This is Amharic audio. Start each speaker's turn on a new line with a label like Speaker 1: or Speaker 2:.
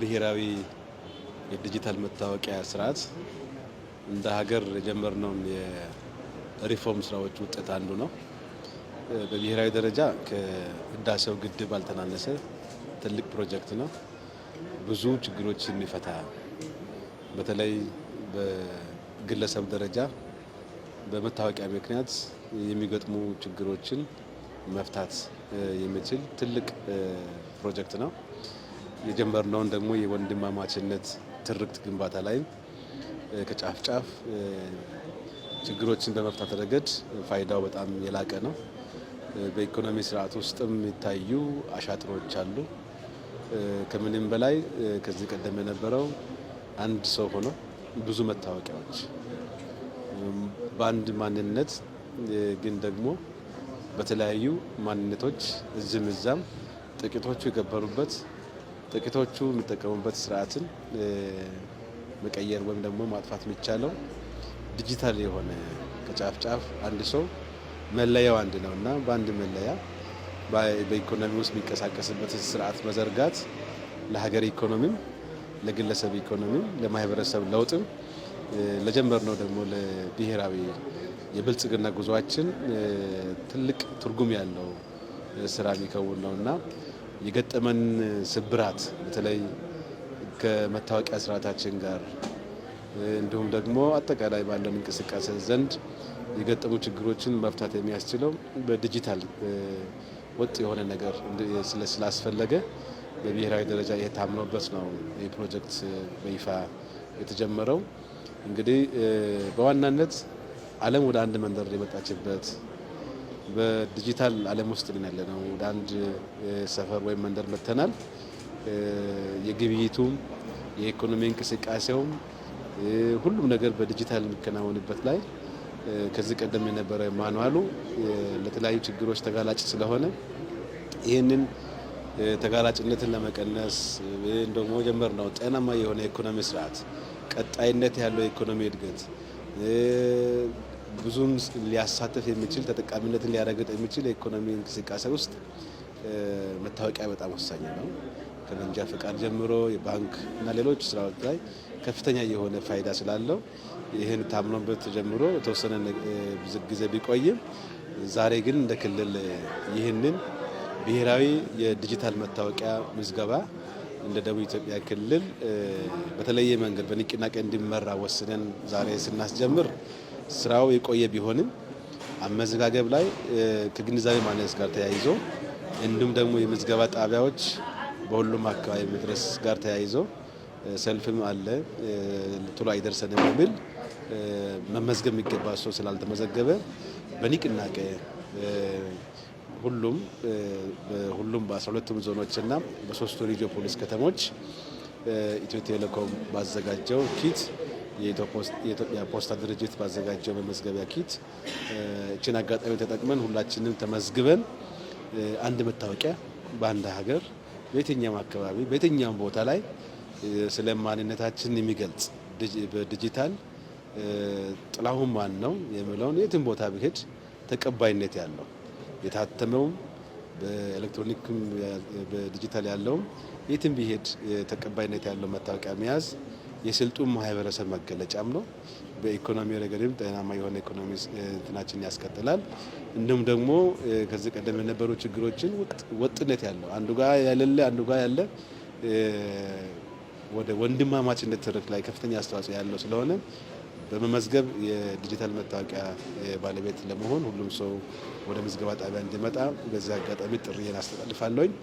Speaker 1: ብሔራዊ የዲጂታል መታወቂያ ስርዓት እንደ ሀገር የጀመርነውን የሪፎርም ስራዎች ውጤት አንዱ ነው። በብሔራዊ ደረጃ ከህዳሴው ግድብ አልተናነሰ ትልቅ ፕሮጀክት ነው። ብዙ ችግሮች የሚፈታ በተለይ በግለሰብ ደረጃ በመታወቂያ ምክንያት የሚገጥሙ ችግሮችን መፍታት የሚችል ትልቅ ፕሮጀክት ነው። የጀመርነውን ደግሞ የወንድማማችነት ትርክት ግንባታ ላይ ከጫፍ ጫፍ ችግሮችን በመፍታት ረገድ ፋይዳው በጣም የላቀ ነው። በኢኮኖሚ ስርዓት ውስጥም የሚታዩ አሻጥሮች አሉ። ከምንም በላይ ከዚህ ቀደም የነበረው አንድ ሰው ሆኖ ብዙ መታወቂያዎች በአንድ ማንነት ግን ደግሞ በተለያዩ ማንነቶች እዚህም እዛም ጥቂቶቹ የገበሩበት ጥቂቶቹ የሚጠቀሙበት ስርዓትን መቀየር ወይም ደግሞ ማጥፋት የሚቻለው ዲጂታል የሆነ ከጫፍ ጫፍ አንድ ሰው መለያው አንድ ነው እና በአንድ መለያ በኢኮኖሚ ውስጥ የሚንቀሳቀስበትን ስርዓት መዘርጋት ለሀገር ኢኮኖሚም ለግለሰብ ኢኮኖሚም ለማህበረሰብ ለውጥም ነው ደግሞ ለብሔራዊ የብልጽግና ጉዟችን ትልቅ ትርጉም ያለው ስራ የሚከውን ነው እና የገጠመን ስብራት በተለይ ከመታወቂያ ስርዓታችን ጋር እንዲሁም ደግሞ አጠቃላይ ባለን እንቅስቃሴ ዘንድ የገጠሙ ችግሮችን መፍታት የሚያስችለው በዲጂታል ወጥ የሆነ ነገር ስላስፈለገ በብሔራዊ ደረጃ ይሄ ታምኖበት ነው ይህ ፕሮጀክት በይፋ የተጀመረው። እንግዲህ በዋናነት ዓለም ወደ አንድ መንደር የመጣችበት በዲጂታል ዓለም ውስጥ ነን ያለ ነው። ወደ አንድ ሰፈር ወይም መንደር መጥተናል። የግብይቱም የኢኮኖሚ እንቅስቃሴውም ሁሉም ነገር በዲጂታል የሚከናወንበት ላይ ከዚህ ቀደም የነበረ ማኑዋሉ ለተለያዩ ችግሮች ተጋላጭ ስለሆነ ይህንን ተጋላጭነትን ለመቀነስ ወይም ደግሞ ጀመር ነው ጤናማ የሆነ ኢኮኖሚ ስርዓት ቀጣይነት ያለው የኢኮኖሚ እድገት ብዙም ሊያሳተፍ የሚችል ተጠቃሚነትን ሊያረግጥ የሚችል የኢኮኖሚ እንቅስቃሴ ውስጥ መታወቂያ በጣም ወሳኝ ነው። ከመንጃ ፈቃድ ጀምሮ የባንክ እና ሌሎች ስራዎች ላይ ከፍተኛ የሆነ ፋይዳ ስላለው ይህን ታምኖበት ጀምሮ የተወሰነ ጊዜ ቢቆይም፣ ዛሬ ግን እንደ ክልል ይህንን ብሔራዊ የዲጂታል መታወቂያ ምዝገባ እንደ ደቡብ ኢትዮጵያ ክልል በተለየ መንገድ በንቅናቄ እንዲመራ ወስነን ዛሬ ስናስጀምር ስራው የቆየ ቢሆንም አመዘጋገብ ላይ ከግንዛቤ ማነስ ጋር ተያይዞ እንዲሁም ደግሞ የምዝገባ ጣቢያዎች በሁሉም አካባቢ መድረስ ጋር ተያይዞ ሰልፍም አለ ቶሎ አይደርሰንም የሚል መመዝገብ የሚገባ ሰው ስላልተመዘገበ በንቅናቄ ሁሉም ሁሉም በ12ቱም ዞኖችና በሶስቱ ሪጂዮ ፖሊስ ከተሞች ኢትዮ ቴሌኮም ባዘጋጀው ኪት የኢትዮጵያ ፖስታ ድርጅት ባዘጋጀው መመዝገቢያ ኪት እችን አጋጣሚ ተጠቅመን ሁላችንም ተመዝግበን አንድ መታወቂያ በአንድ ሀገር በየትኛውም አካባቢ በየትኛውም ቦታ ላይ ስለ ማንነታችን የሚገልጽ በዲጂታል ጥላሁን ማን ነው የሚለውን የትም ቦታ ብሄድ ተቀባይነት ያለው የታተመውም በኤሌክትሮኒክም በዲጂታል ያለውም የትም ብሄድ ተቀባይነት ያለው መታወቂያ መያዝ የስልጡን ማህበረሰብ መገለጫም ነው። በኢኮኖሚ ረገድም ጤናማ የሆነ ኢኮኖሚ እንትናችን ያስቀጥላል። እንዲሁም ደግሞ ከዚህ ቀደም የነበሩ ችግሮችን ወጥነት ያለው አንዱ ጋ ያለለ አንዱ ጋ ያለ ወደ ወንድማማችነት ትርክ ላይ ከፍተኛ አስተዋጽኦ ያለው ስለሆነ በመመዝገብ የዲጂታል መታወቂያ ባለቤት ለመሆን ሁሉም ሰው ወደ ምዝገባ ጣቢያ እንዲመጣ በዚህ አጋጣሚ ጥሪዬን አስተላልፋለሁኝ።